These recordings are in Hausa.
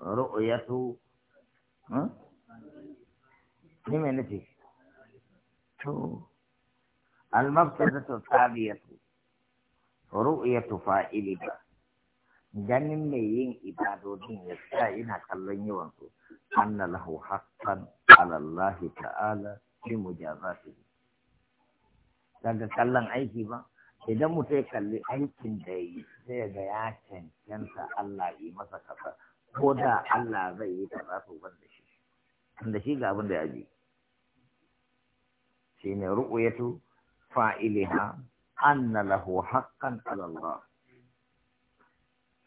ru'yatu ni mai nufi to almafsadatu tabiyatu ru'yatu fa'ilika ganin mai yin ibadodin ya sa ina kallon yawan su anna lahu haqqan ala Allah ta'ala fi mujazatihi daga kallon aiki ba idan mutum ya kalli aikin da yi sai ga ya cancanta Allah yi masa ko da Allah zai yi kaza to ban da shi da shi ga abin da ya ji shine ru'yatu fa'iliha anna lahu haqqan 'ala Allah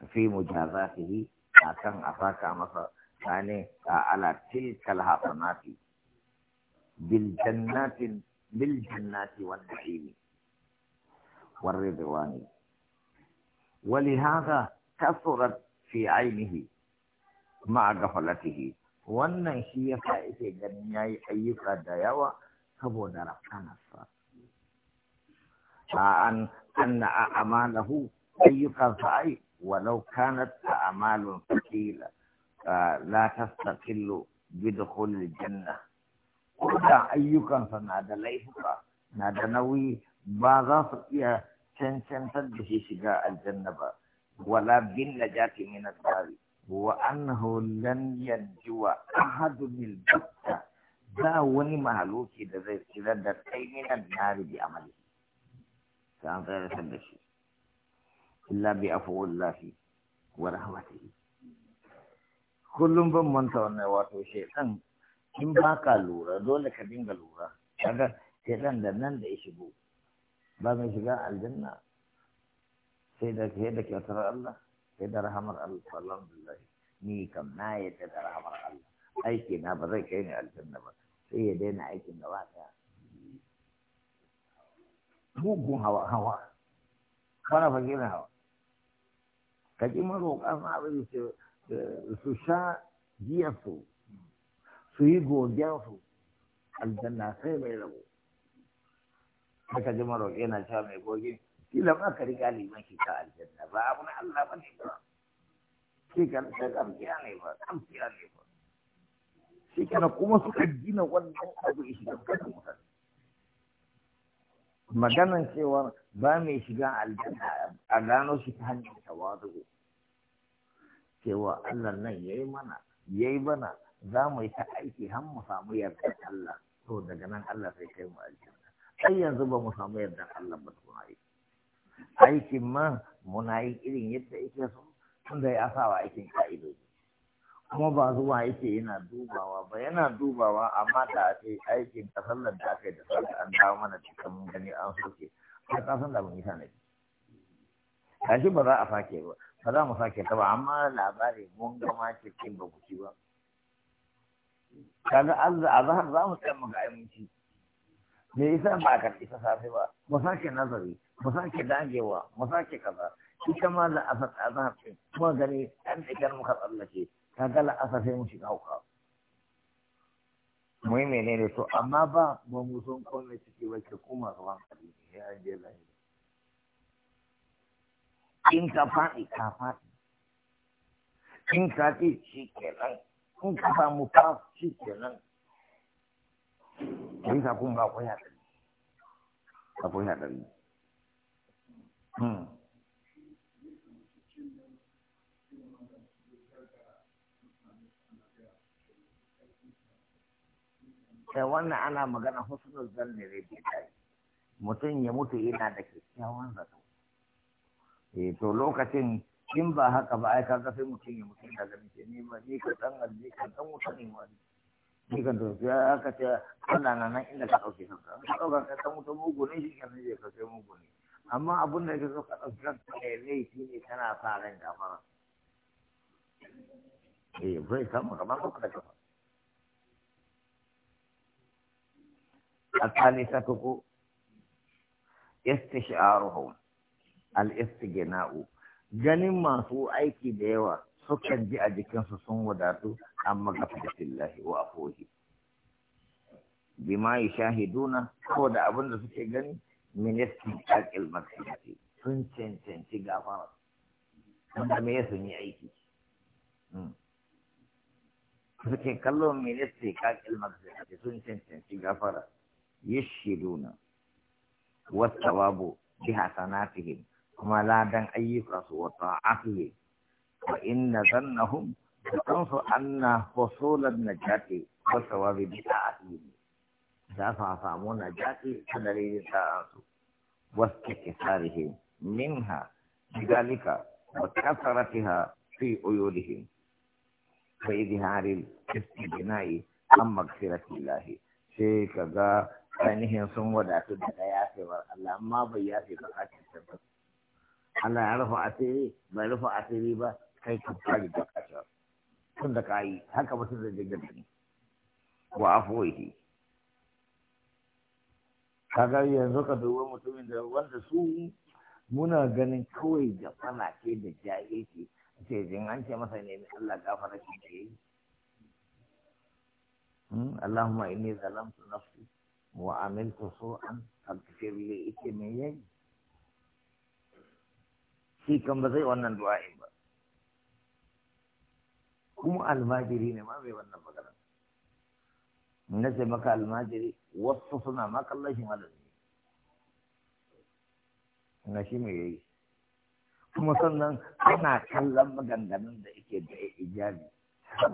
fi mujazatihi akan afaka masa yani ala tilkal hasanati bil jannati bil jannati wan na'imi والرضوان ولهذا كثرت في عينه ma gafalatihi wannan shi ya yasa yake ganin yi ayyuka da yawa saboda rafkanarsa an anna amalahu ayyukansa ai walau kanat a'malun fatila la tastaqillu bidkhul aljanna janna. da ayyukansa na da laifuka na da nauyi ba za su iya cancantar da shi shiga aljanna ba wala bin najati min al wa annahu lan yanjuwa ahadu bil batta ba wani mahaluki da zai tsira da kai minan nari bi amali sai an tsayar da shi illa bi afuwallahi wa rahmatihi kullum ban manta wannan wato shekan in ba ka lura dole ka dinga lura kaga shekan da nan da ya shigo ba mai shiga aljanna sai da ke da kyautar Allah sai da rahamar Allah alhamdulillah ni kam na yadda da rahamar Allah aiki na ba zai kai ni aljanna ba sai ya daina aikin gaba daya mugun hawa hawa kana fakirin hawa ka ji maroƙa ma abin eh, su sha jiyarsu su yi godiyarsu aljanna sai mai rabo, haka ji maroƙi na sha mai gogi kila ba ka riga liman ki ta aljanna ba abu na Allah ba ne ba shi kan ta gamfiya ne ba gamfiya ne ba shi kana kuma suka gina wannan abu shi shiga kan mutane maganan cewa ba mai shiga aljanna a gano shi ta hanyar tawadu cewa Allah nan yayi mana yayi mana za mu yi ta aiki har mu samu yardar Allah to daga nan Allah sai kai mu aljanna sai yanzu ba mu samu yardar Allah ba tukun aiki aikin ma muna yin irin yadda ake so tunda ya sa wa aikin ka'idoji kuma ba zuwa yake yana dubawa ba yana dubawa amma da ake aikin kasar da aka yi da sarki an dawo mana cikin gani an soke ta kasan da mun yi sanadi kashi ba za a sake ba ba za mu sake ta ba amma labari mun gama cikin ba kuci ba kaga Allah a zahar za mu tsaya mu ga aminci me yasa ba a karɓi ta safe ba mu sake nazari mu sake dagewa mu sake kaza ita ma la'asar ta za ta kuma gani ɗan ɗigar muka tsallake ka ga la'asar sai mu shiga hauka mu yi menene to amma ba ba mu sun kone ciki ba ke kuma ruwan ne ya je lahiri in ka faɗi ka faɗi in ka ci shi kenan in ka samu ka shi kenan yi ka kun ba kun haɗari ka kun haɗari sai hmm. wannan ana magana husnul zanni ne bai kai mutum ya mutu yana da kyakkyawan zato eh to lokacin in ba haka ba ai kaga sai mutum ya mutu da ganin ne ma ni ka dan ne ka dan mutu ne ma ni kan to ya aka ce Allah na nan inda ka dauke ka ka dauka ka dan wuta mugu ne shi kan ne ka sai mugu ne amma abun da ka so ka ɗauki ranka da laifi ne kana sa ran gafara eh zai samu kamar ba da kafa الثالثة al الاستجناء ganin masu aiki da yawa sukan ji a jikinsu sun wadatu amma ga magafatillahi wa afohi bima yi ko da abin da suke gani ministan kakil masirati sun cancanci gafara wanda me sun yi aiki suke kallon ministan kakil masirati sun cancanci gafara yashiduna tawabu bi hasanatihim kuma ladan ayyuka su wa ta'atihi wa inna zannahum da kansu anna husulan najati wasu sawabi bi ta'atihim za su hafa muna jaɗi ta dalilin ta'ansu wasu min ha bidalika wa kasaratiha fi uyudihim fa idharil istibna'i an lahi sai ka ga ainihin sun wadatu da ya yafewar Allah amma bai yafe ba a cikin ba Allah ya rufa asiri bai rufa asiri ba kai ka fari da kasar tun da ka yi haka mutum zai jirgin wa afuwa kaga yanzu ka dubi mutumin da wanda su muna ganin kawai fana ce da jahilci ce jin an ce masa ne Allah gafara shi da yayi hmm? Allahumma inni zalamtu nafsi wa amiltu su'an faghfir li ite me yayi shi kan ba zai wannan du'a ba kuma almajiri ne ma bai wannan magana na ce maka almajiri wasu suna maka shi malami na shi mai yayi kuma sannan ana kallon maganganun da ike da ijabi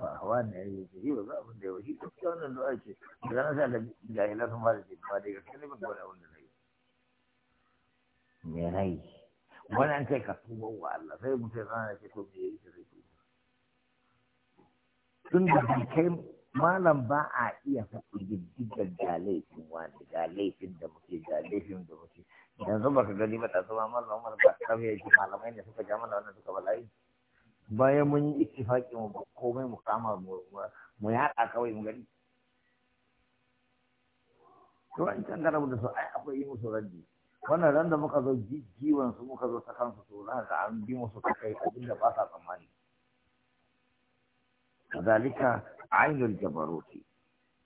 ba hawa ne ya yi shi ba abin da ya shi duk da wannan du'a ce da zana sa da jahilan sun ba da ce ba da gaske ne ban gwada wanda na yi me rai wani an kai ka tuba wa Allah sai mutum ya zana ce ko me yayi da zai tuba tun da bai kai malam ba a iya faɗi diddigar ga wani ga da muke ga da muke yanzu baka gani ba ta zama malam umar ba ta fiye ji malamai ne suka jama'a wannan suka bala'i bayan mun yi ittifaki mu ba komai mu kama mu yaɗa kawai mu gani to an can garabu da su ai akwai yi musu raddi wannan ran da muka zo jiwan su muka zo ta kansu to za ka an bi musu ta kai abinda ba sa tsammani Zalika ainul jabaruti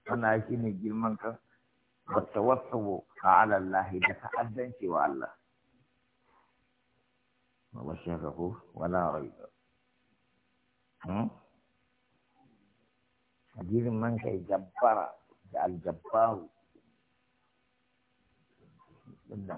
wannan shi ne girman kan wata wasu ala Allah da ta'addanci wa Allah wa shakaku wala raiba girman kai jabbara da aljabbaru